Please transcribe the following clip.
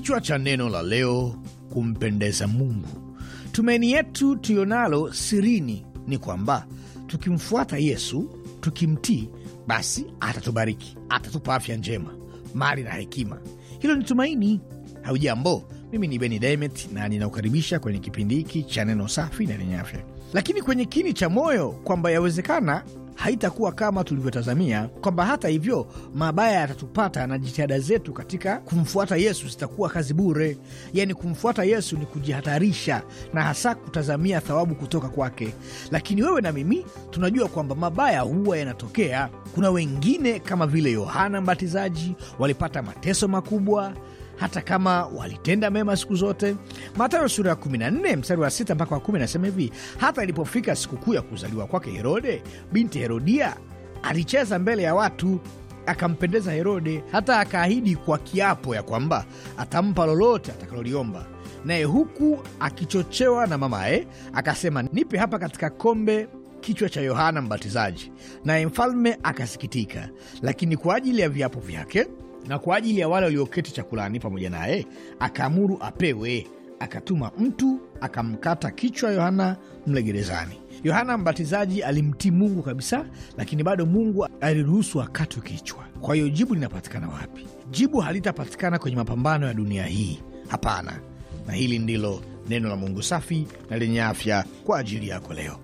Kichwa cha neno la leo: kumpendeza Mungu. Tumaini yetu tuyonalo sirini ni kwamba tukimfuata Yesu, tukimtii, basi atatubariki, atatupa afya njema, mali na hekima. Hilo ni tumaini. Haujambo, mimi ni Beni Demet na ninakukaribisha kwenye kipindi hiki cha neno safi na lenye afya. Lakini kwenye kini cha moyo kwamba yawezekana haitakuwa kama tulivyotazamia, kwamba hata hivyo mabaya yatatupata na jitihada zetu katika kumfuata Yesu zitakuwa kazi bure. Yaani, kumfuata Yesu ni kujihatarisha na hasa kutazamia thawabu kutoka kwake. Lakini wewe na mimi tunajua kwamba mabaya huwa yanatokea. Kuna wengine kama vile Yohana Mbatizaji walipata mateso makubwa hata kama walitenda mema siku zote. Mathayo sura ya 14 mstari wa 6 mpaka wa 10 anasema hivi: hata ilipofika sikukuu ya kuzaliwa kwake Herode, binti Herodia alicheza mbele ya watu akampendeza Herode, hata akaahidi kwa kiapo ya kwamba atampa lolote atakaloliomba. Naye huku akichochewa na mamaye akasema, nipe hapa katika kombe kichwa cha Yohana Mbatizaji. Naye mfalme akasikitika, lakini kwa ajili ya viapo vyake na kwa ajili ya wale walioketi chakulani pamoja naye akaamuru apewe. Akatuma mtu akamkata kichwa Yohana mlegerezani Yohana Mbatizaji alimtii Mungu kabisa, lakini bado Mungu aliruhusu akatwe kichwa. Kwa hiyo jibu linapatikana wapi? Jibu halitapatikana kwenye mapambano ya dunia hii, hapana. Na hili ndilo neno la Mungu safi na lenye afya kwa ajili yako leo.